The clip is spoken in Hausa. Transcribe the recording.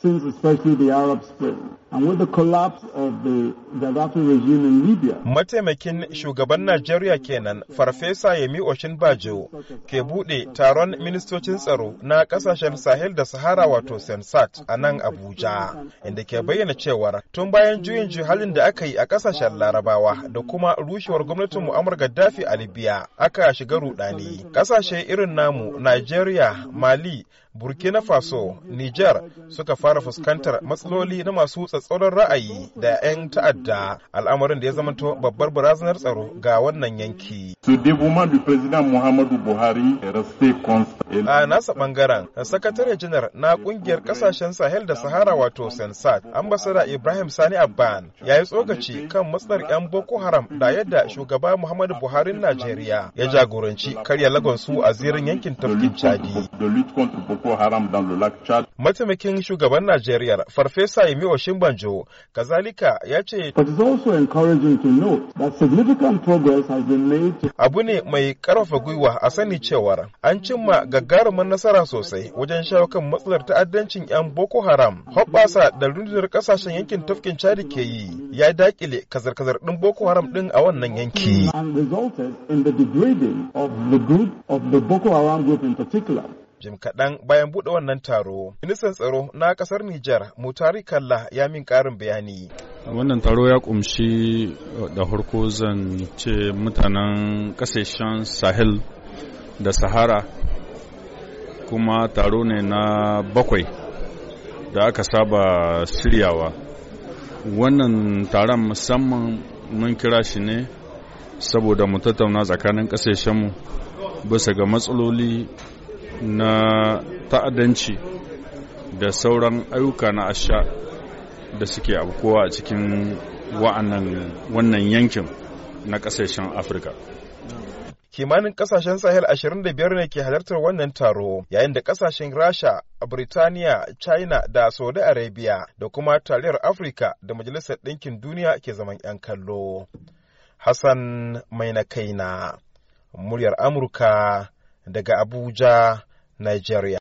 since especially the Arab Spring. of the Gaddafi regime in Mataimakin shugaban Najeriya kenan Farfesa Yemi Bajo ke buɗe taron ministocin tsaro na ƙasashen Sahel da Sahara wato Sensat a nan Abuja, inda ke bayyana cewar tun bayan juyin halin da aka yi a ƙasashen Larabawa da kuma rushewar gwamnatin Muammar Gaddafi a Libya aka shiga rudani. Ƙasashe irin namu Najeriya, Mali, burkina faso niger suka fara fuskantar matsaloli na masu tsatsauran ra'ayi da 'yan ta'adda al'amarin da ya zamanto babbar barazanar tsaro ga wannan yanki a nasa bangaren sakatare janar na kungiyar kasashen sahel da sahara wato sensat ambasada ibrahim sani abban ya yi tsokaci kan matsalar 'yan boko haram da yadda shugaba muhammadu buhari najeriya ya jagoranci karya lagonsu a zirin yankin tafkin chadi Boko Haram Lulak Chad. Mataimakin shugaban Najeriya Farfesa Yemi Oshimbanjo kazalika ya ce But it's also significant progress has been made. Abu ne mai karfafa gwiwa a sani cewar an cimma gagarumin nasara sosai wajen shawo kan matsalar ta'addancin 'yan Boko Haram. Hoɓɓasa da rundunar ƙasashen yankin tafkin Chad ke yi ya dakile kazar-kazar ɗin Boko Haram ɗin a wannan yanki. And resulted in the degrading of the group of the Boko Haram group in particular. jim kaɗan bayan buɗe wannan taro ministan tsaro na ƙasar nijar mutari kalla ya min ƙarin bayani wannan taro ya ƙunshi uh, da harko zan ce mutanen ƙasashen sahel da sahara kuma taro ne na bakwai da aka saba shiryawa wannan taron musamman mun kira shi ne saboda mu tattauna tsakanin ƙasashenmu bisa ga matsaloli na ta'addanci da sauran ayyuka na asha da suke abkowa a cikin wa'annan wannan yankin na ƙasashen afirka kimanin kasashen sahel 25 ne ke halartar wannan taro yayin da kasashen rasha Birtaniya, China da Saudi Arabia da kuma taliyar Afirka da Majalisar Ɗinkin Duniya ke zaman 'yan kallo. Hassan Mai na kaina, muryar Amurka daga Abuja, Nigeria